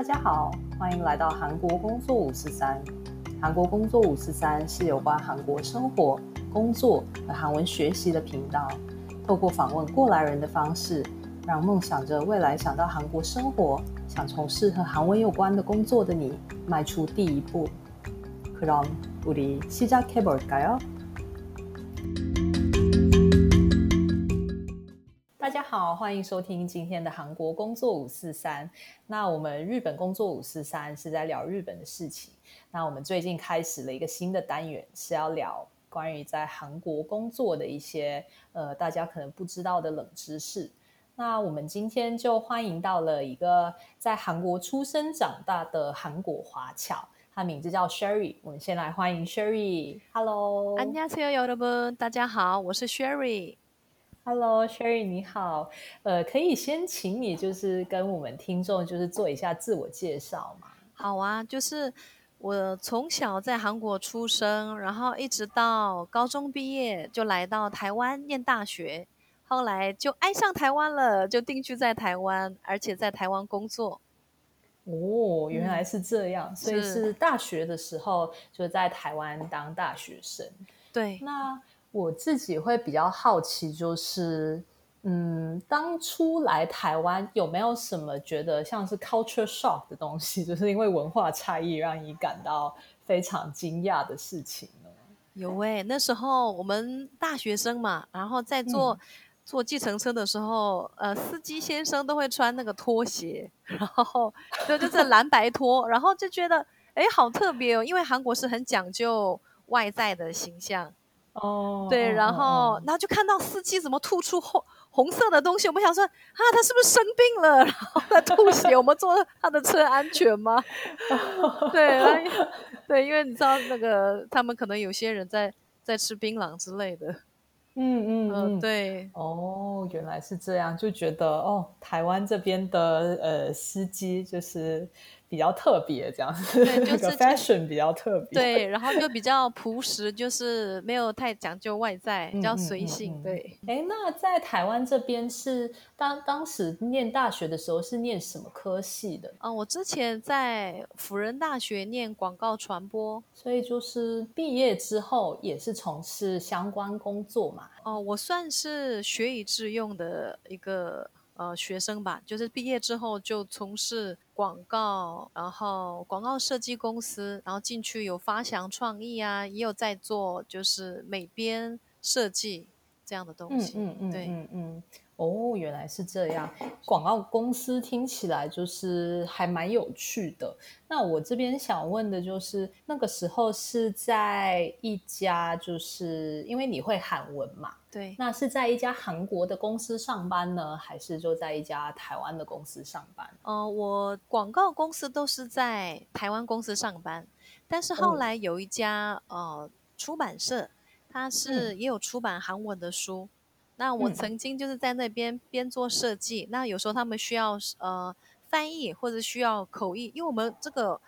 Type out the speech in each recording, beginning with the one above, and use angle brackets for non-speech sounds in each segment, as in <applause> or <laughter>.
大家好，歡迎來到韓國工作五四三。韓國工作五四三是有關韓國生活、工作和韓文學習的頻道。透過訪問過來人的方式，讓夢想着未來想到韓國生活、想從事和韓文有關的工作的你邁出第一步。嗯。그럼우리시작해볼까요?好，歡迎收聽今天的韓國工作五四三。那我們日本工作五四三是在聊日本的事情。那我們最近開始了一個新的單元，是要聊關於在韓國工作的一些呃大家可能不知道的冷知識。那我們今天就歡迎到了一個在韓國出生長大的韓國華僑，他名字叫 Sherry。我們先來歡迎 Sherry。Hello， 안녕하세요여러분，大家好，我是 Sherry。Hello，Sherry，你好。呃，可以先請你就是跟我們聽眾就是做一下自我介紹嗎？好啊，就是我從小在韓國出生，然後一直到高中畢業，就來到台灣念大學，後來就愛上台灣了，就定居在台灣，而且在台灣工作。哦，原來是這樣，嗯，所以是大學的時候就在台灣當大學生。是那對，那。我自己會比較好奇，就是，嗯，當初來台灣有沒有什麼覺得像是 culture shock 的東西，就是因為文化差異讓你感到非常驚訝的事情呢？有餵、欸，那時候我們大學生嘛，然後在坐坐計程車的時候，嗯、呃，司機先生都會穿那個拖鞋，然後就就是藍白拖， <laughs> 然後就覺得，哎、欸，好特別哦，因為韓國是很講究外在的形象。哦，oh, 對，然後，那、oh, oh. 就看到司機怎麼吐出紅紅色的東西，我們想說，啊，他是不是生病了？然後在吐血， <laughs> 我們坐他的車安全嗎？Oh. 對，然後，對，因為你知道那個，他們可能有些人在在吃檳榔之類的。嗯嗯嗯、呃，對。哦，原來是這樣，就覺得哦，台灣這邊的呃司機就是。比較，比較特別，這樣，這個 fashion 比較特別，對，然後就比較樸實，就是沒有太講究外在，比較隨性，嗯嗯嗯、對。哎，那在台灣這邊是當當時念大學的時候是念什麼科系的？呃，我之前在輔仁大學念廣告傳播，所以就是畢業之後也是從事相關工作嘛。哦、呃，我算是學以致用的一個。呃，學生吧，就是畢業之後就從事廣告，然後廣告設計公司，然後進去有發想創意啊，也有在做就是美編設計這樣的東西。嗯嗯，對。嗯嗯。嗯對嗯嗯嗯哦，原來是這樣。廣告公司聽起來就是還蠻有趣的。那我這邊想問的就是，那個時候是在一家，就是因為你會韓文嘛？對。那是在一家韓國的公司上班呢，還是就在一家台灣的公司上班？呃，我廣告公司都是在台灣公司上班，但是後來有一家，嗯，呃出版社，它是也有出版韓文的書。那我曾經就是在那邊邊做設計，嗯、那有時候他們需要呃翻譯或者需要口譯，因為我們這個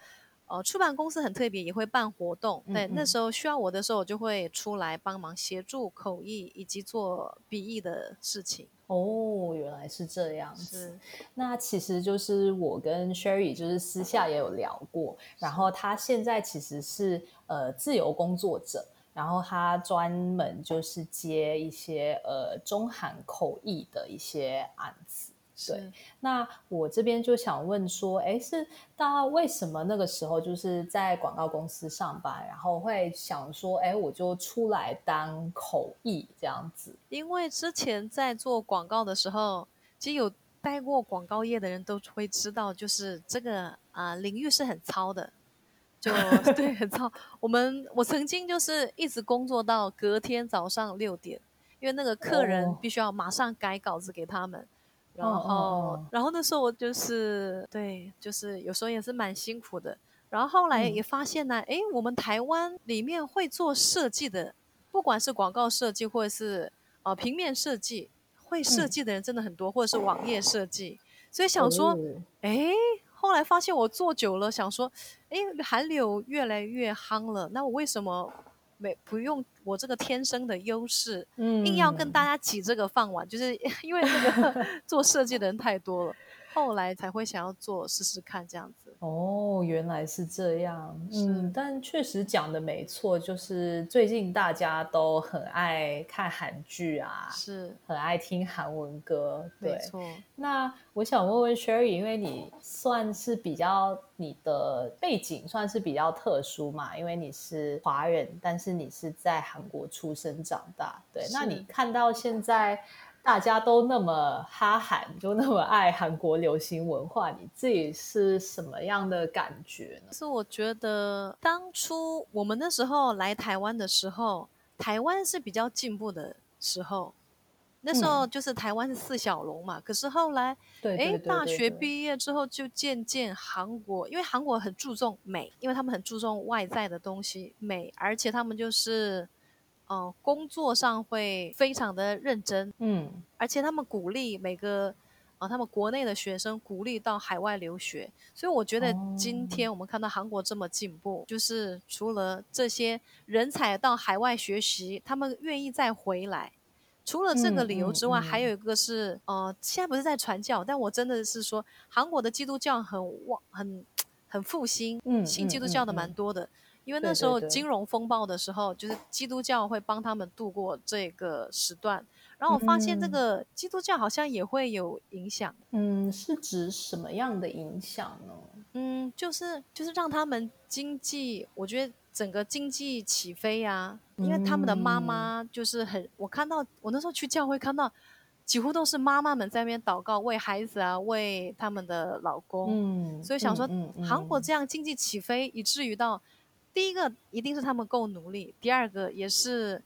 呃出版公司很特別，也會辦活動。嗯嗯對，那時候需要我的時候，我就會出來幫忙協助口譯以及做筆譯的事情。哦，原來是這樣子。是那其實就是我跟 Sherry 就是私下也有聊過，是然後他現在其實是呃自由工作者。然後他專門就是接一些呃中韓口譯的一些案子。所以是那我這邊就想問說，誒，是大家為什麼那個時候就是在廣告公司上班，然後會想說，誒，我就出來當口譯這樣子？因為之前在做廣告的時候，其實有待過廣告業的人都會知道，就是這個啊、呃、領域是很糙的。 <laughs> 就對，很糟。我們，我曾經就是一直工作到隔天早上六點，因為那個客人必須要馬上改稿子給他們。然後，哦哦哦然後那時候我就是對，就是有時候也是蠻辛苦的。然後後來也發現呢，哎、嗯，我們台灣裡面會做設計的，不管是廣告設計或者是呃平面設計，會設計的人真的很多，嗯、或者是網頁設計。所以想說，哎、嗯。誒後來發現我做久了，想說，哎，韓流越來越夯了，那我為什麼沒不用我這個天生的優勢，嗯，硬要跟大家擠這個飯碗？就是因為這個 <laughs> 做設計的人太多了。後來才會想要做試試看這樣子。哦，原來是這樣，是嗯，但確實講的沒錯，就是最近大家都很愛看韓劇啊，是很愛聽韓文歌，對，沒錯。那我想問問 Sherry，因為你算是比較、嗯、你的背景算是比較特殊嘛，因為你是華人，但是你是在韓國出生長大，對，是那你看到現在。大家都那麼哈韓，就那麼愛韓國流行文化，你自己是什麼樣的感覺呢？是我覺得，當初我們那時候來台灣的時候，台灣是比較進步的時候，那時候就是台灣是四小龍嘛。嗯，可是後來，哎，大學畢業之後，就漸漸韓國，因為韓國很注重美，因為他們很注重外在的東西美，而且他們就是。哦、呃，工作上會非常的認真，嗯，而且他們鼓勵每個，啊、呃，他們國內的學生鼓勵到海外留學，所以我覺得今天我們看到韓國這麼進步，哦、就是除了這些人才到海外學習，他們願意再回來，除了這個理由之外，嗯、還有一個是，嗯、呃，現在不是在傳教，但我真的是說，韓國的基督教很旺，很，很很復興，嗯，信基督教的蠻多的，嗯嗯嗯嗯、因為那時候金融風暴的時候，對對對就是基督教會幫他們度過這個時段。然後我發現這個基督教好像也會有影響，嗯，是指什麼樣的影響呢？嗯，就是就是讓他們經濟，我覺得整個經濟起飛啊，因為他們的媽媽就是很，我看到我那時候去教會看到。幾乎都是媽媽們在那邊禱告，為孩子啊，為他們的老公。嗯，所以想說，嗯，韓國這樣經濟起飛，嗯，以至於到第一個一定是他們夠努力，第二個也是，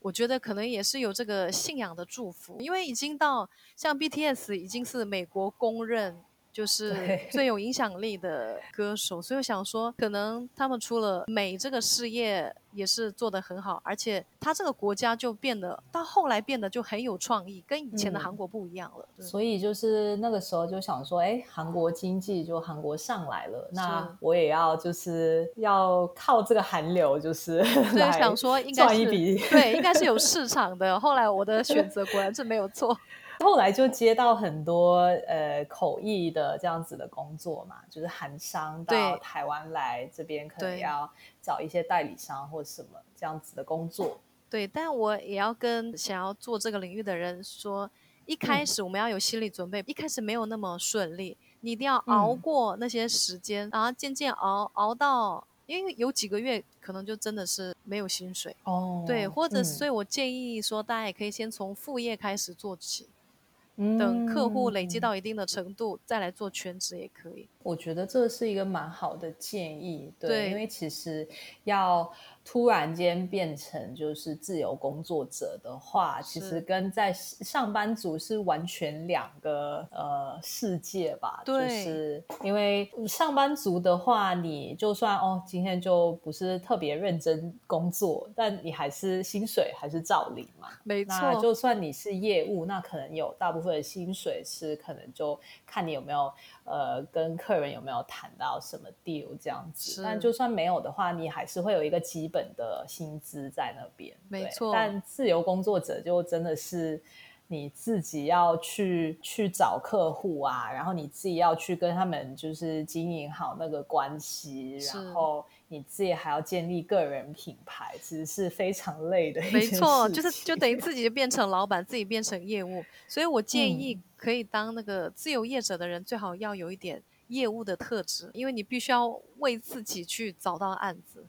我覺得可能也是有這個信仰的祝福，因為已經到像 BTS 已經是美國公認。就是最有影響力的歌手，對所以我想說，可能他們除了美這個事業也是做得很好，而且他這個國家就變得到後來變得就很有創意，跟以前的韓國不一樣了。嗯、對所以就是那個時候就想說，哎，韓國經濟就韓國上來了，啊、那我也要就是要靠這個韓流，就是對，來賺一筆。 <laughs> 對，應該是有市場的。 <laughs> 後來我的選擇果然是沒有錯。後來就接到很多呃口譯的這樣子的工作嘛，就是韓商到台灣來對這邊可能要找一些代理商或什麼對這樣子的工作。對，但我也要跟想要做這個領域的人說，一開始我們要有心理準備，嗯、一開始沒有那麼順利，你一定要熬過那些時間、嗯、然後漸漸熬熬到，因為有幾個月可能就真的是沒有薪水哦，對，或者、嗯、所以我建議說，大家也可以先從副業開始做起。嗯。等客戶累積到一定的程度，再來做全職也可以。我覺得這是一個蠻好的建議，對，對，因為其實要突然間變成就是自由工作者的話，是其實跟在上班族是完全兩個呃世界吧。對，就是因為上班族的話，你就算哦今天就不是特別認真工作，但你還是薪水還是照領嘛，沒錯。那就算你是業務，那可能有大部分的薪水是可能就看你有沒有呃跟客人。有沒有談到什麼 deal 這樣子？是但就算沒有的話，你還是會有一個基本的薪資在那邊。沒錯。但自由工作者就真的是你自己要去去找客戶啊，然後你自己要去跟他們就是經營好那個關係，是然後你自己還要建立個人品牌，其實是非常累的。沒錯，就是就等於自己就變成老闆， <laughs> 自己變成業務。所以我建議可以當那個自由業者的人，嗯、最好要有一點。業務的特質，因為你必須要為自己去找到案子。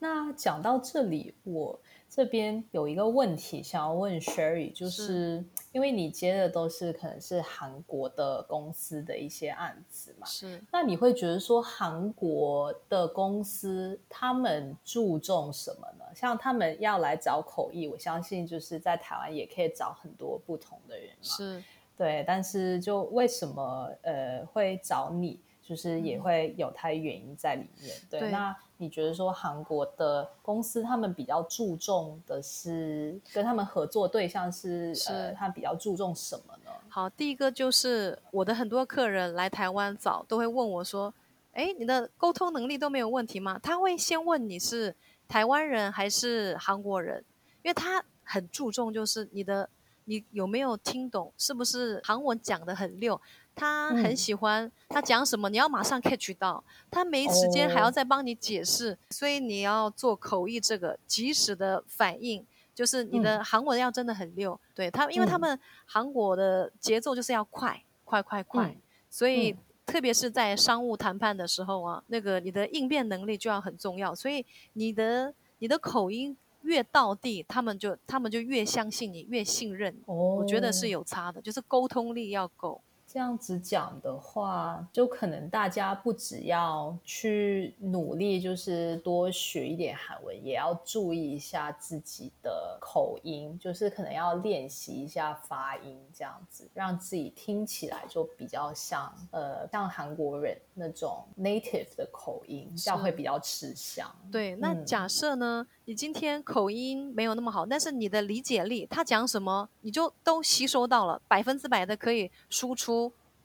那講到這裡，我這邊有一個問題想要問 Sherry，就是，是因為你接的都是可能是韓國的公司的一些案子嘛？是。那你會覺得說韓國的公司他們注重什麼呢？像他們要來找口譯，我相信就是在台灣也可以找很多不同的人嘛？是。對，但是就為什麼呃會找你，就是也會有他的原因在裡面。嗯、對，對。那你覺得說韓國的公司他們比較注重的是跟他們合作對象是，是呃，他比較注重什麼呢？好，第一個就是我的很多客人來台灣找都會問我說，哎，你的溝通能力都沒有問題嗎？他會先問你是台灣人還是韓國人，因為他很注重就是你的。你有沒有聽懂？是不是韓文講得很溜？他很喜歡，他講什麼你要馬上 catch 到，他沒時間還要再幫你解釋，哦、所以你要做口譯，這個即時的反應就是你的韓文要真的很溜。嗯、對他，因為他們韓國的節奏就是要快，快，快，快，快、嗯，所以特別是在商務談判的時候啊，那個你的應變能力就要很重要，所以你的你的口音。越道地，他們就他們就越相信你，越信任。Oh. 我覺得是有差的，就是溝通力要夠。這樣子講的話，就可能大家不只要去努力，就是多學一點韓文，也要注意一下自己的口音，就是可能要練習一下發音，這樣子讓自己聽起來就比較像呃，像韓國人那種 native 的口音，這樣是會比較吃香。對，嗯，那假設呢，你今天口音沒有那麼好，但是你的理解力，他講什麼你就都吸收到了，百分之百的可以輸出。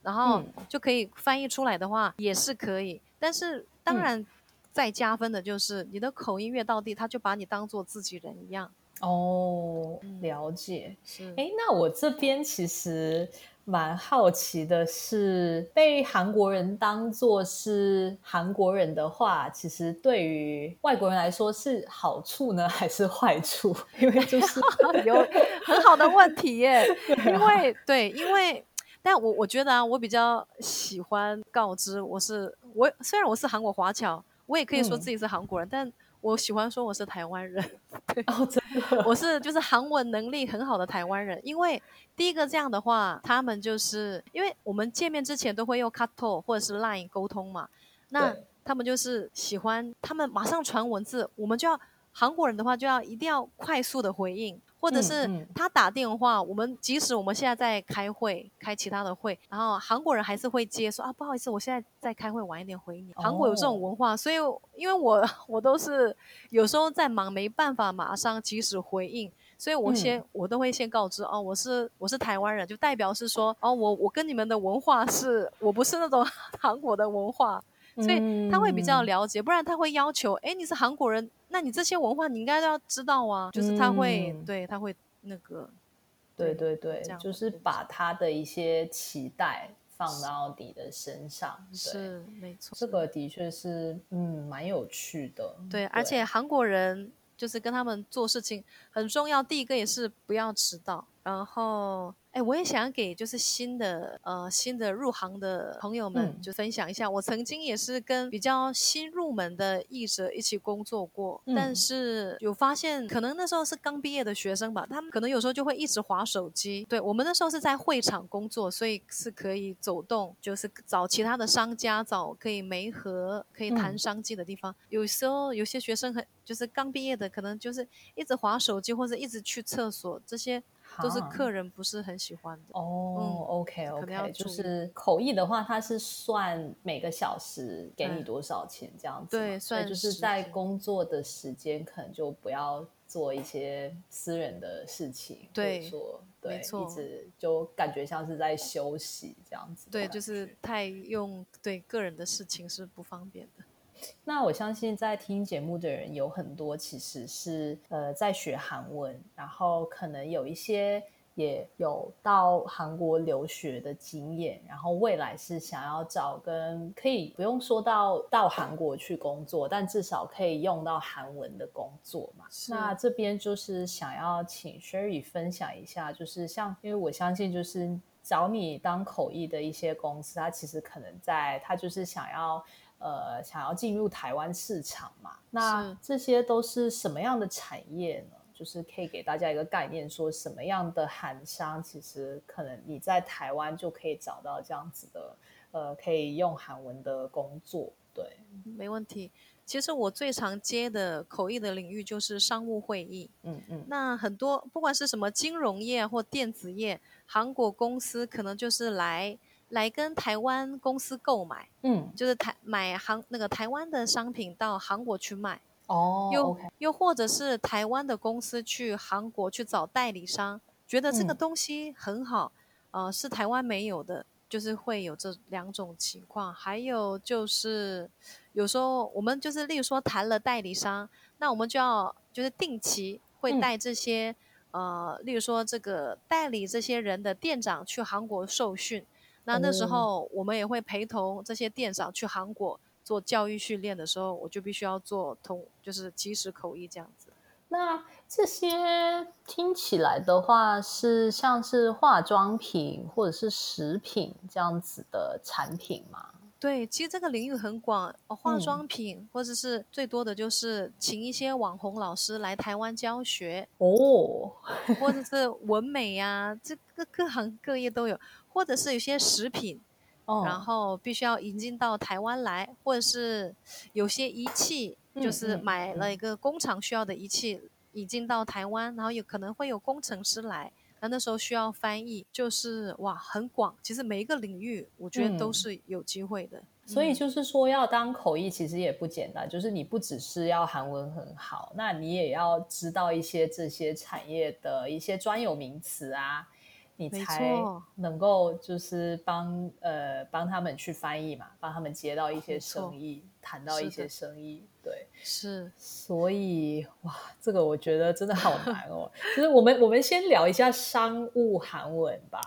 然後就可以翻譯出來的話，嗯、也是可以。但是當然，再加分的就是你的口音越道地，他就把你當做自己人一樣。哦，嗯、了解。哎是，那我這邊其實蠻好奇的是，被韓國人當做是韓國人的話，其實對於外國人來說是好處呢，還是壞處？因為就是 <laughs> 有很好的問題耶。 <laughs> 啊、因為對，因為。但我我覺得啊，我比較喜歡告知我是我，雖然我是韓國華僑，我也可以說自己是韓國人，嗯、但我喜歡說我是台灣人。對，哦、我是就是韓文能力很好的台灣人，因為第一個這樣的話，他們就是因為我們見面之前都會用 Kakao 或者是 Line 溝通嘛，那對他們就是喜歡他們馬上傳文字，我們就要韓國人的話就要一定要快速的回應。或者是他打電話，嗯嗯、我們即使我們現在在開會，開其他的會，然後韓國人還是會接說啊，不好意思，我現在在開會，晚一點回你。哦、韓國有這種文化，所以因為我我都是有時候在忙，沒辦法馬上及時回應，所以我先、嗯、我都會先告知哦，我是我是台灣人，就代表是說哦，我我跟你們的文化是，我不是那種韓國的文化。所以他會比較了解，嗯，不然他會要求，哎，你是韓國人，那你這些文化你應該都要知道啊。就是他會，嗯，對他會那個，對對，對對，就是把他的一些期待放到你的身上。是，對，是，沒錯，這個的確是，嗯，蠻有趣的。對，對，而且韓國人就是跟他們做事情很重要，第一個也是不要遲到，然後。我也想要給就是新的呃新的入行的朋友們就分享一下，嗯、我曾經也是跟比較新入門的譯者一起工作過，嗯、但是有發現可能那時候是剛畢業的學生吧，他們可能有時候就會一直滑手機。對我們那時候是在會場工作，所以是可以走動，就是找其他的商家，找可以媒合、可以談商機的地方。嗯、有時候有些學生很就是剛畢業的，可能就是一直滑手機或者一直去廁所這些。都是客人不是很喜歡的哦。嗯、OK OK，就是口譯的話，它是算每個小時給你多少錢，嗯、這樣子。對，算，對，就是在工作的時間，分可能就不要做一些私人的事情，工作，對，對沒錯，一直就感覺像是在休息這樣子。對，就是太用，對，個人的事情是不方便的。那我相信在聽節目的人有很多，其實是呃在學韓文，然後可能有一些也有到韓國留學的經驗，然後未來是想要找跟可以不用說到到韓國去工作，但至少可以用到韓文的工作嘛。是那這邊就是想要請 Sherry 分享一下，就是像因為我相信就是找你當口譯的一些公司，他其實可能在他就是想要。呃，想要進入台灣市場嘛，那這些都是什麼樣的產業呢？是就是可以給大家一個概念說，說什麼樣的韓商其實可能你在台灣就可以找到這樣子的，呃，可以用韓文的工作。對，沒問題。其實我最常接的口譯的領域就是商務會議。嗯嗯。嗯，那很多不管是什麼金融業或電子業，韓國公司可能就是來。來跟台灣公司購買，嗯，就是台買韓那個台灣的商品到韓國去賣，哦，又又或者是台灣的公司去韓國去找代理商，覺得這個東西很好，嗯、呃，是台灣沒有的，就是會有這兩種情況。還有就是，有時候我們就是例如說談了代理商，那我們就要就是定期會帶這些、嗯、呃，例如說這個代理這些人的店長去韓國受訓。那那時候我們也會陪同這些店長去韓國做教育訓練的時候，我就必須要做同，就是即時口譯這樣子。那這些聽起來的話是像是化妝品或者是食品這樣子的產品嗎？對，其實這個領域很廣，哦、化妝品、嗯、或者是最多的就是請一些網紅老師來台灣教學哦， <laughs> 或者是紋眉呀、啊，這個各行各業都有。或者是有些食品，oh. 然後必須要引進到台灣來，或者是有些儀器，嗯、就是買了一個工廠需要的儀器、嗯、引進到台灣，嗯、然後有可能會有工程師來，那那時候需要翻譯，就是哇很廣，其實每一個領域我覺得都是有機會的。嗯嗯、所以就是說，要當口譯其實也不簡單，就是你不只是要韓文很好，那你也要知道一些這些產業的一些專有名詞啊。你才能夠就是幫錯呃幫他們去翻譯嘛，幫他們接到一些生意，哦、談到一些生意，的對，是，所以哇，這個我覺得真的好難哦。 <laughs> 就是我們我們先聊一下商務韓文吧，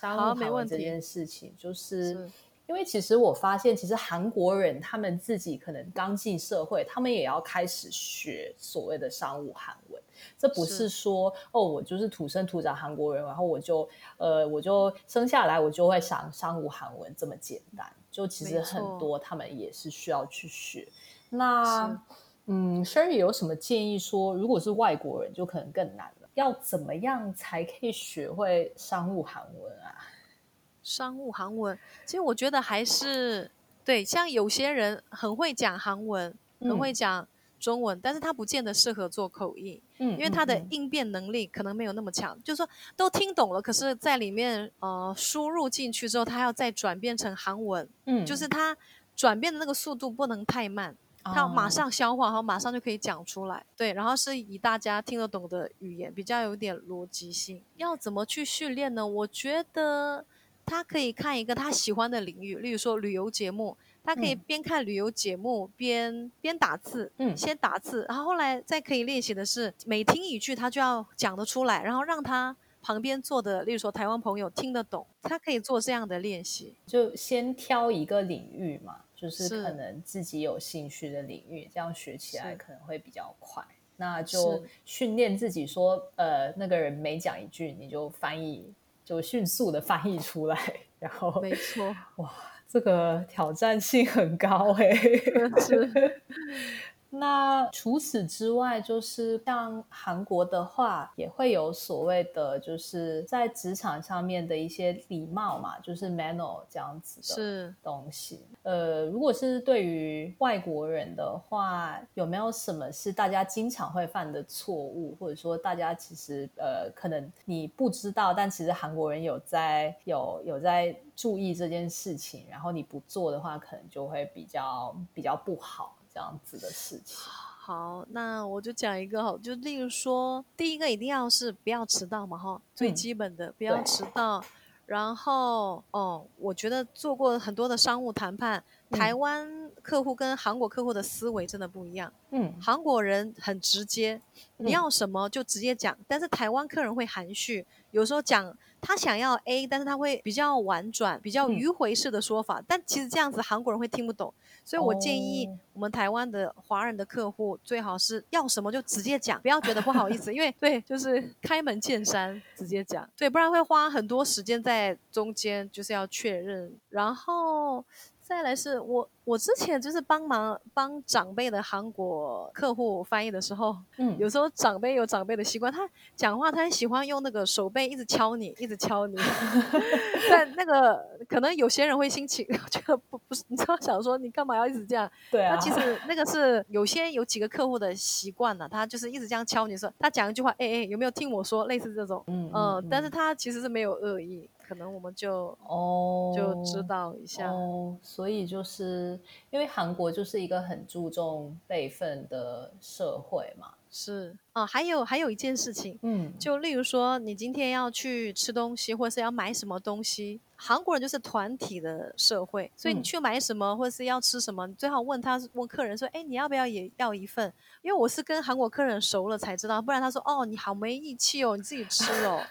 好商務韓文這件事情，就是，是因為其實我發現，其實韓國人他們自己可能剛進社會，他們也要開始學所謂的商務韓文。這不是說是哦，我就是土生土長韓國人，然後我就呃，我就生下來我就會想商務韓文這麼簡單，就其實很多他們也是需要去學。錯那是嗯，Sherry 有什麼建議說，如果是外國人就可能更難了，要怎麼樣才可以學會商務韓文啊？商務韓文，其實我覺得還是對，像有些人很會講韓文，很會講、嗯。中文，但是他不見得適合做口譯，嗯，因為他的應變能力可能沒有那麼強，嗯、就是說都聽懂了，可是在裡面呃輸入進去之後，他要再轉變成韓文，嗯，就是他轉變的那個速度不能太慢，他要馬上消化，好、哦，然後馬上就可以講出來，對，然後是以大家聽得懂的語言，比較有點邏輯性。要怎麼去訓練呢？我覺得他可以看一個他喜歡的領域，例如說旅遊節目。他可以邊看旅遊節目，嗯，邊邊打字，嗯，先打字，然後後來再可以練習的是，每聽一句他就要講得出來，然後讓他旁邊坐的，例如說台灣朋友聽得懂，他可以做這樣的練習。就先挑一個領域嘛，就是可能自己有興趣的領域，是這樣學起來可能會比較快。是那就訓練自己說，呃，那個人每講一句，你就翻譯，就迅速的翻譯出來，然後沒錯，哇。這個挑戰性很高哎、欸 <laughs> 是， <laughs> 那除此之外，就是像韓國的話，也會有所謂的，就是在職場上面的一些禮貌嘛，就是 manner 這樣子的東西是。呃，如果是對於外國人的話，有沒有什麼是大家經常會犯的錯誤，或者說大家其實呃，可能你不知道，但其實韓國人有在有有在，注意這件事情，然後你不做的話，可能就會比較比較不好，這樣子的事情。好，那我就講一個哈，就例如說，第一個一定要是不要遲到嘛，哈、嗯，最基本的不要遲到。對然後哦，我覺得做過很多的商務談判，嗯、台灣。客戶跟韓國客戶的思維真的不一樣。嗯，韓國人很直接，嗯、你要什麼就直接講。嗯、但是台灣客人會含蓄，有時候講他想要 A，但是他會比較婉轉、比較迂回式的說法。嗯、但其實這樣子韓國人會聽不懂，所以我建議我們台灣的華人的客戶最好是要什麼就直接講，不要覺得不好意思，嗯、因為對，就是開門見山直接講，對，不然會花很多時間在中間就是要確認，然後。再來是我我之前就是幫忙幫長輩的韓國客戶翻譯的時候，嗯，有時候長輩有長輩的習慣，他講話，他很喜歡用那個手背一直敲你，一直敲你。 <laughs> 但那個可能有些人會心情覺得不不是，你知道想說你幹嘛要一直這樣？對啊。他其實那個是有些有幾個客戶的習慣呢，他就是一直這樣敲你說，他講一句話，哎、欸、哎、欸，有沒有聽我說？類似這種，嗯嗯，呃、嗯，但是他其實是沒有惡意。可能我們就哦就知道一下，哦、所以就是因為韓國就是一個很注重輩分的社會嘛，是。哦、還有還有一件事情，嗯，就例如說你今天要去吃東西，或者是要買什麼東西，韓國人就是團體的社會，所以你去買什麼，或者是要吃什麼，你、嗯、最好問他問客人說，哎、欸，你要不要也要一份？因為我是跟韓國客人熟了才知道，不然他說哦，你好沒義氣哦，你自己吃嘍、哦。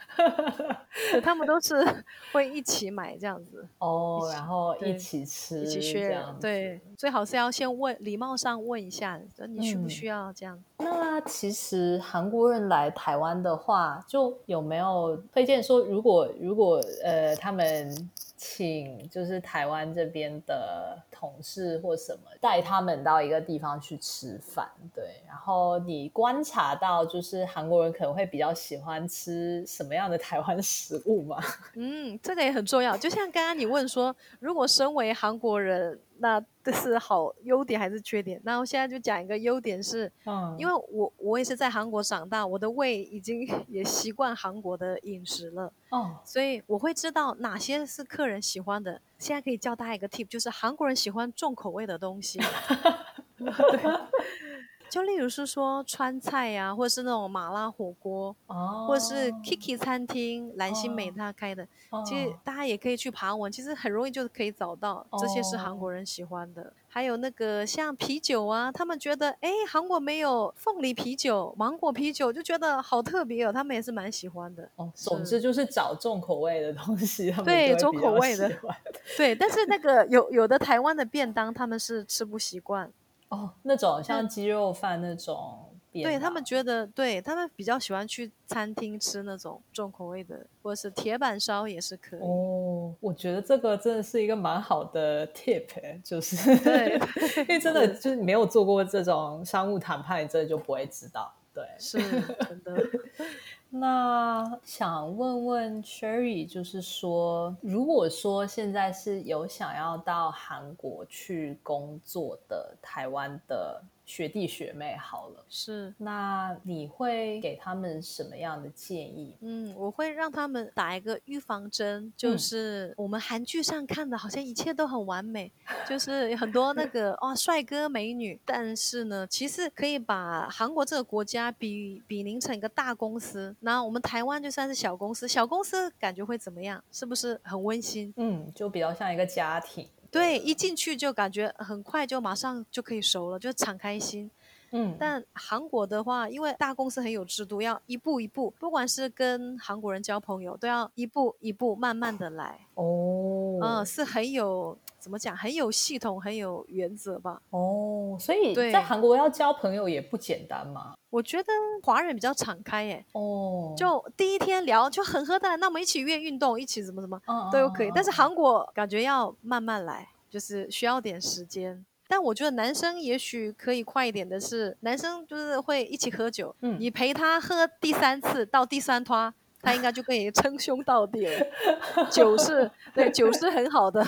<laughs> 他們都是會一起買這樣子哦，然後一起吃，一起 share 對，最好是要先問，禮貌上問一下，你需不需要這樣、嗯？那其實。韓國人來台灣的話，就有沒有推薦說如，如果如果呃，他們請就是台灣這邊的同事或什麼帶他們到一個地方去吃飯？對，然後你觀察到，就是韓國人可能會比較喜歡吃什麼樣的台灣食物嗎？嗯，這個也很重要。就像剛剛你問說， <laughs> 如果身為韓國人，那這是好優點還是缺點？然後現在就講一個優點是，因為我我也是在韓國長大，我的胃已經也習慣韓國的飲食了，哦、嗯，所以我會知道哪些是客人喜歡的。現在可以教大家一個 tip，就是韓國人喜歡重口味的東西。 <laughs> 對。就例如是說川菜呀、啊，或者是那種麻辣火鍋，哦、或者是 Kiki 餐廳，藍心湄他開的，哦、其實大家也可以去爬文，哦、其實很容易就可以找到。這些是韓國人喜歡的，哦、還有那個像啤酒啊，他們覺得哎，韓國沒有鳳梨啤酒、芒果啤酒，就覺得好特別哦，他們也是蠻喜歡的。哦，總之就是找重口味的東西。對，重口味的。對，但是那個有有的台灣的便當，他們是吃不習慣。哦，那種像雞肉飯那種變、嗯，對他們覺得，對他們比較喜歡去餐廳吃那種重口味的，或者是鐵板燒也是可以。哦，我覺得這個真的是一個蠻好的 tip，就是、嗯、對， <laughs> 因為真的就是沒有做過這種商務談判，你真的就不會知道。對， <laughs> 是真的。那想問問 Sherry，就是說，如果說現在是有想要到韓國去工作的台灣的。學弟學妹，好了，是。那你會給他們什麼樣的建議？嗯，我會讓他們打一個預防針，就是我們韓劇上看的，好像一切都很完美，嗯、就是很多那個哇、 <laughs> 哦，帥哥美女。但是呢，其實可以把韓國這個國家比比鄰成一個大公司，那我們台灣就算是小公司，小公司感覺會怎麼樣？是不是很溫馨？嗯，就比較像一個家庭。對，一進去就感覺很快就馬上就可以熟了，就敞開心。嗯，但韓國的話，因為大公司很有制度，要一步一步，不管是跟韓國人交朋友，都要一步一步慢慢的來。哦，嗯，是很有。怎麼講？很有系統，很有原則吧？哦，oh, 所以在韓國要交朋友也不簡單嘛。我覺得華人比較敞開耶。哦，oh. 就第一天聊就很合得來，那我們一起約運動，一起怎麼怎麼、oh. 都可以。但是韓國感覺要慢慢來，oh. 就是需要點時間。但我覺得男生也許可以快一點的是，男生就是會一起喝酒。Oh. 你陪他喝第三次到第三趟。 <laughs> 他應該就跟你稱兄道弟了， <laughs> 酒是對酒是很好的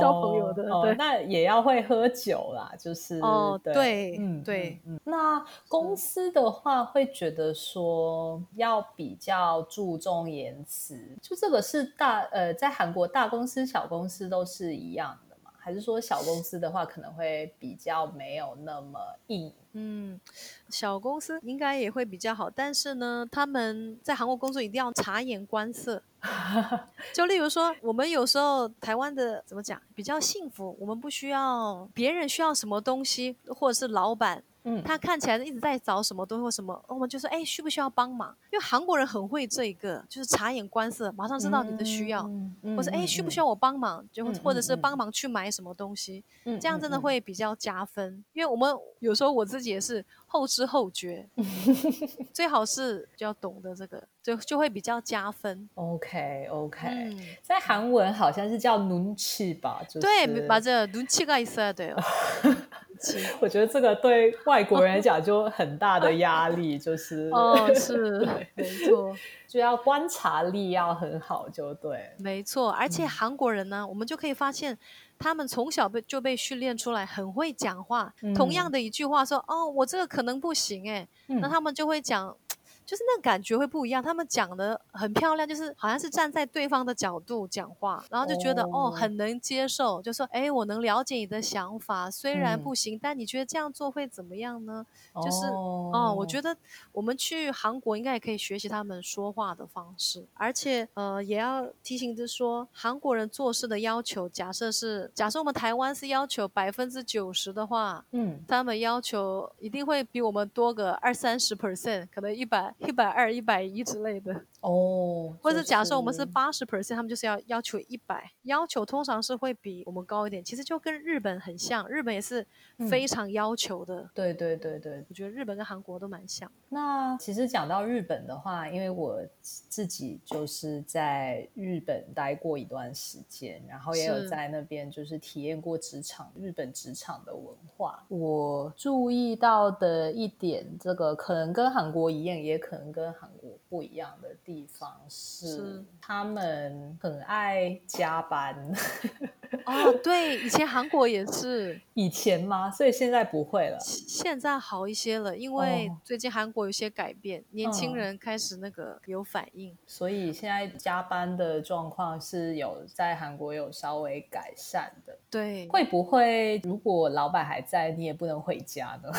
交 <laughs> <laughs> 朋友的，對，oh, oh, 那也要會喝酒啦，就是哦、oh, 對，嗯對，嗯對，對那公司的話會覺得說要比較注重言辭，是就這個是大呃，在韓國大公司小公司都是一樣的。還是說小公司的話，可能會比較沒有那麼硬。嗯，小公司應該也會比較好，但是呢，他們在韓國工作一定要察言觀色。 <laughs> 就例如說，我們有時候台灣的怎麼講，比較幸福，我們不需要別人需要什麼東西，或者是老闆。嗯，他看起來一直在找什麼東西，或什麼，我們就說，哎、欸，需不需要幫忙？因為韓國人很會這一個，就是察言觀色，馬上知道你的需要。嗯嗯嗯、或是：欸「哎，需不需要我幫忙？嗯、就或者是幫忙去買什麼東西，嗯、這樣真的會比較加分。嗯嗯嗯、因為我們有時候我自己也是後知後覺， <laughs> 最好是就要懂得這個，就就會比較加分。OK OK，嗯、在韓文好像是叫눈치吧，就是、對，맞아눈치가있어야돼요 是我覺得這個對外國人來講就很大的壓力，就是哦，哦，是 <laughs> 對沒錯，就要觀察力要很好，就對，沒錯。而且韓國人呢，嗯、我們就可以發現，他們從小被就被訓練出來，很會講話。嗯、同樣的一句話說，哦，我這個可能不行，哎、嗯，那他們就會講。就是那感覺會不一樣，他們講得很漂亮，就是好像是站在對方的角度講話，然後就覺得、oh. 哦，很能接受，就說誒，我能了解你的想法，雖然不行，mm. 但你覺得這樣做會怎麼樣呢？就是、oh. 哦，我覺得我們去韓國應該也可以學習他們說話的方式，而且呃，也要提醒著說，韓國人做事的要求，假設是假設我們台灣是要求百分之九十的話，嗯，mm. 他們要求一定會比我們多個二三十 percent，可能一百。一百二、一百一之類的。哦，oh, 或者假設我們是八十 percent，他們就是要要求一百，要求通常是會比我們高一點。其實就跟日本很像，日本也是非常要求的。嗯，對對對對，我覺得日本跟韓國都蠻像。那其實講到日本的話，因為我自己就是在日本待過一段時間，然後也有在那邊就是體驗過職場，是日本職場的文化。我注意到的一點，這個可能跟韓國一樣，也可能跟韓國一樣。不一樣的地方是，是他們很愛加班。 <laughs> 哦， <laughs> oh, 對，以前韓國也是。以前嗎？所以現在不會了，現在好一些了，因為最近韓國有些改變，oh. 年輕人開始那個有反應，uh. 所以現在加班的狀況是有在韓國有稍微改善的。對，會不會如果老闆還在，你也不能回家呢？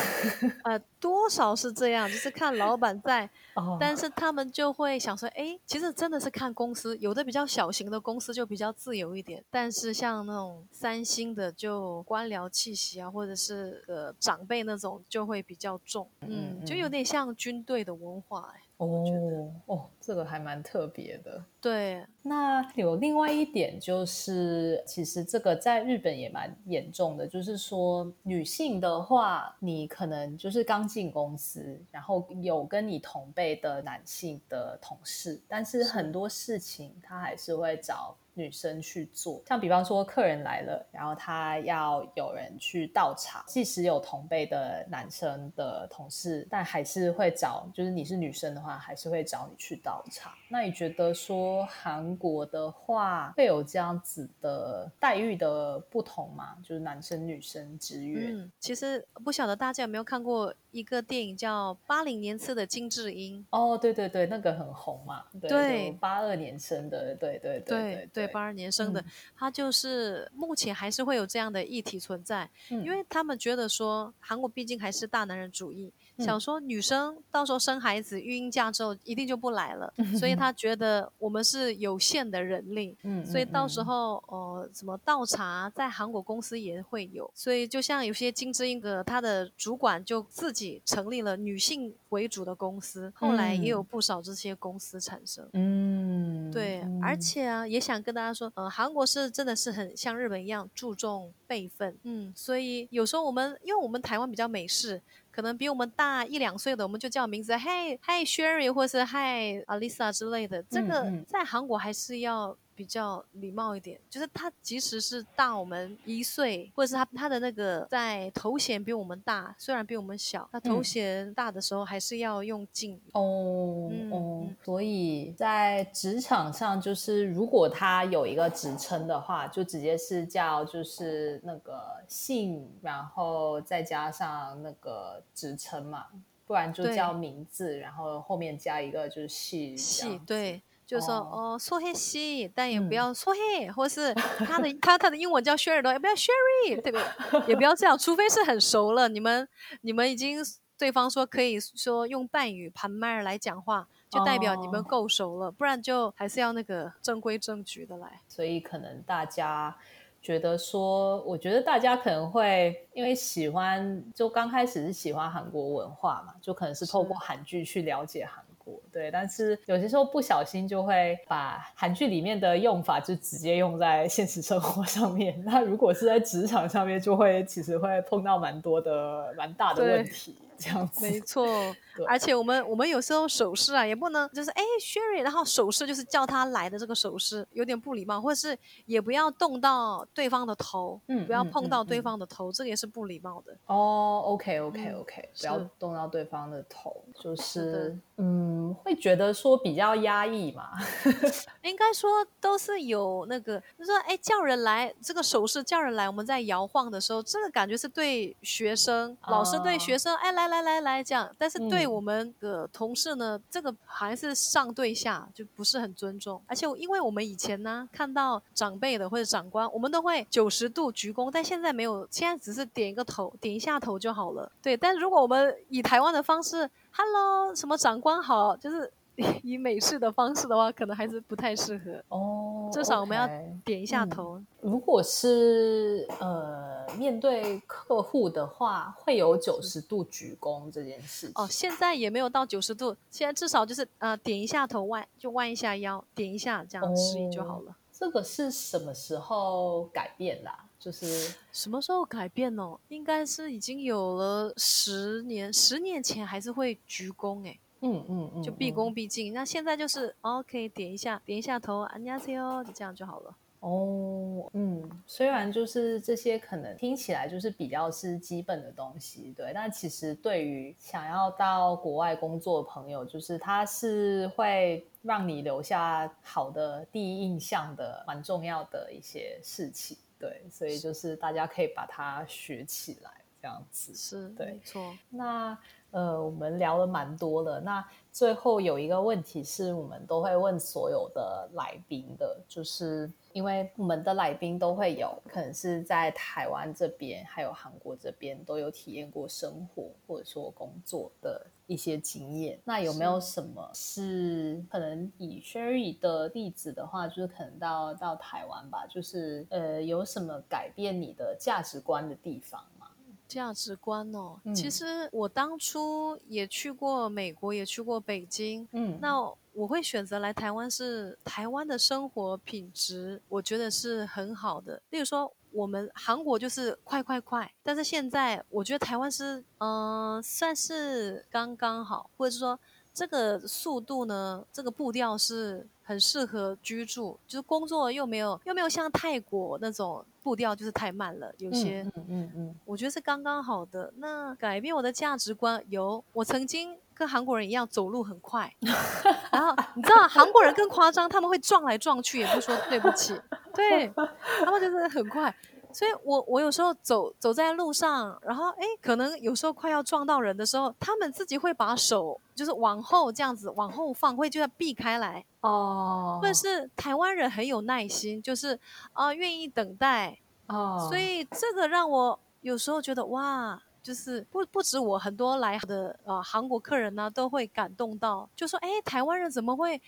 呃 <laughs> ，uh, 多少是這樣，就是看老闆在， <laughs> oh. 但是他們就會想說，哎，其實真的是看公司，有的比較小型的公司就比較自由一點，但是像呢。那種三星的就官僚氣息啊，或者是呃長輩那種就會比較重，嗯，就有點像軍隊的文化，欸，哦，我覺得哦，這個還蠻特別的。對，那有另外一點就是，其實這個在日本也蠻嚴重的，就是說女性的話，你可能就是剛進公司，然後有跟你同輩的男性的同事，但是很多事情他還是會找。女生去做，像比方說客人來了，然後他要有人去倒茶，即使有同輩的男生的同事，但還是會找，就是你是女生的話，還是會找你去倒茶。那你覺得說韓國的話會有這樣子的待遇的不同嗎？就是男生女生職員。嗯，其實不曉得大家有沒有看過一個電影叫《八零年次的金智英》哦，對對對，那個很紅嘛，對，八二對年生的，對對對對對。對八二年生的，嗯、他就是目前還是會有這樣的議題存在，嗯、因為他們覺得說韓國畢竟還是大男人主義，嗯、想說女生到時候生孩子育嬰假之後一定就不來了，嗯、所以他覺得我們是有限的人力，嗯、所以到時候呃什麼倒茶在韓國公司也會有，所以就像有些金智英格他的主管就自己成立了女性為主的公司，後來也有不少這些公司產生。嗯。嗯對，而且啊，也想跟大家說，嗯、呃，韓國是真的是很像日本一樣注重輩分，嗯，所以有時候我們，因為我們台灣比較美式，可能比我們大一兩歲的，我們就叫名字，嗨、hey, 嗨、hey，Sherry，或是嗨、hey、Alisa 之類的，這個在韓國還是要。比較禮貌一點，就是他即使是大我們一歲，或者是他他的那個在頭銜比我們大，雖然比我們小，他、嗯、頭銜大的時候還是要用敬哦、嗯、哦。所以在職場上，就是如果他有一個職稱的話，就直接是叫就是那個姓，然後再加上那個職稱嘛，不然就叫名字，對然後後面加一個就是系系對。就說，oh. 哦，說嘿西，但也不要說嘿，嗯、或是他的他他的英文叫 Sherry，也不要 Sherry，對不對？ <laughs> 也不要這樣，除非是很熟了，你們你們已經對方說可以說用半語盤麥來講話，就代表你們夠熟了，oh. 不然就還是要那個正規正矩的來。所以可能大家覺得說，我覺得大家可能會因為喜歡，就剛開始是喜歡韓國文化嘛，就可能是透過韓劇去了解韓國。對，但是有些時候不小心就會把韓劇裡面的用法就直接用在現實生活上面。那如果是在職場上面，就會其實會碰到蠻多的蠻大的問題。這樣子沒錯，對而且我們我們有時候手勢啊也不能就是哎，Sherry，然後手勢就是叫他來的這個手勢有點不禮貌，或者是也不要動到對方的頭，嗯，不要碰到對方的頭，嗯、這個也是不禮貌的。哦、oh，OK OK OK，嗯、不要動到對方的頭，是就是，是的嗯，會覺得說比較壓抑嘛， <laughs> 應該說都是有那個，就是說哎叫人來這個手勢叫人來，我們在搖晃的時候，這個感覺是對學生、uh、老師對學生哎來。來來來來，這樣，但是對我們的同事呢，嗯、這個好像是上對下，就不是很尊重。而且因為我們以前呢，看到長輩的或者長官，我們都會九十度鞠躬，但現在沒有，現在只是點一個頭，點一下頭就好了。對，但如果我們以台灣的方式，Hello，什麼長官好，就是。 <laughs> 以美式的方式的話，可能還是不太適合哦。Oh, okay. 至少我們要點一下頭。嗯、如果是呃面對客戶的話，會有九十度鞠躬這件事情？哦，oh, 現在也沒有到九十度，現在至少就是呃點一下頭，彎就彎一下腰，點一下這樣的示意就好了。Oh, 這個是什麼時候改變啦、啊？就是什麼時候改變呢？應該是已經有了十年，十年前還是會鞠躬誒、欸。嗯嗯嗯，嗯嗯就畢恭畢敬。嗯、那現在就是，嗯、OK，點一下，點一下頭，안녕하세요，就這樣就好了。哦，嗯，雖然就是這些可能聽起來就是比較是基本的東西，對，但其實對於想要到國外工作的朋友，就是它是會讓你留下好的第一印象的，蠻重要的一些事情，對。所以就是大家可以把它學起來。是這樣子是，對，沒錯。那。呃，我們聊了蠻多了。那最後有一個問題是我們都會問所有的來賓的，就是因為我們的來賓都會有，可能是在台灣這邊，還有韓國這邊都有體驗過生活或者說工作的一些經驗。是那有沒有什麼是可能以 Sherry 的例子的話，就是可能到到台灣吧，就是呃，有什麼改變你的價值觀的地方？價值觀哦，嗯、其實我當初也去過美國，也去過北京，嗯，那我會選擇來台灣，是台灣的生活品質，我覺得是很好的。例如說，我們韓國就是快快快，但是現在我覺得台灣是，嗯、呃，算是剛剛好，或者是說這個速度呢，這個步調是。很適合居住，就是工作又沒有又沒有像泰國那種步調就是太慢了，有些，嗯嗯嗯，嗯嗯我覺得是剛剛好的。那改變我的價值觀有，我曾經跟韓國人一樣走路很快， <laughs> 然後你知道韓國人更誇張，他們會撞來撞去也不說對不起，對，他們就是很快。所以我，我我有時候走走在路上，然後誒可能有時候快要撞到人的時候，他們自己會把手就是往後這樣子往後放，會就要避開來哦。但、oh. 是台灣人很有耐心，就是啊、呃、願意等待哦。Oh. 所以這個讓我有時候覺得哇。就是不不止我，很多來的啊、呃、韓國客人呢、啊、都會感動到，就說哎，台灣人怎麼會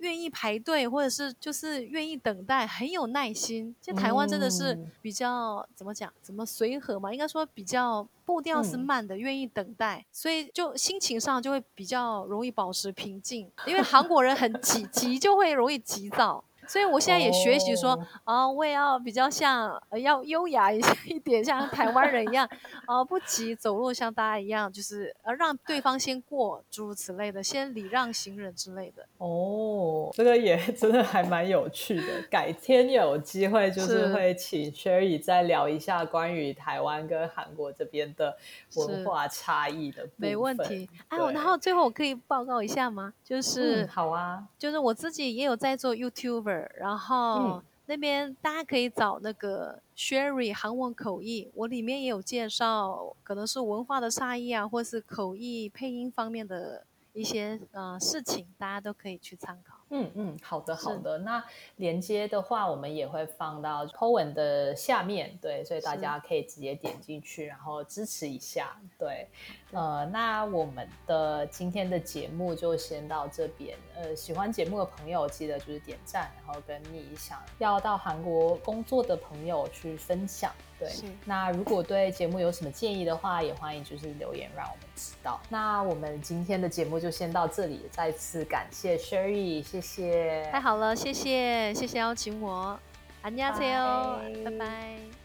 願意排隊，或者是就是願意等待，很有耐心。就台灣真的是比較、嗯、怎麼講，怎麼隨和嘛？應該說比較步調是慢的，嗯、願意等待，所以就心情上就會比較容易保持平靜。因為韓國人很急， <laughs> 急就會容易急躁。所以，我現在也學習說啊、oh. 哦，我也要比較像、呃、要優雅一些一點，像台灣人一樣，啊、 <laughs> 哦，不急走路，像大家一樣，就是讓對方先過，諸如此類的，先禮讓行人之類的。哦，oh, 這個也真的還蠻有趣的。 <laughs> 改天有機會就是會請 Sherry 再聊一下關於台灣跟韓國這邊的文化差異的部分。沒問題。哎對，啊、我然後最後我可以報告一下嗎？就是、嗯、好啊，就是我自己也有在做 YouTuber。然後那邊大家可以找那個 Sherry 韓文口譯，我裡面也有介紹，可能是文化的差異啊，或是口譯配音方面的一些呃事情，大家都可以去參考。嗯嗯，好的好的，是那連接的話，我們也會放到 PO 文的下面，對，所以大家可以直接點進去，是然後支持一下，對，對呃，那我們的今天的節目就先到這邊，呃，喜歡節目的朋友記得就是點贊，然後跟你想要到韓國工作的朋友去分享。對，是那如果對節目有什麼建議的話，也歡迎就是留言讓我們知道。那我們今天的節目就先到這裡，再次感謝 Sherry，謝謝，太好了，謝謝，謝謝邀請我，安家車哦，拜拜。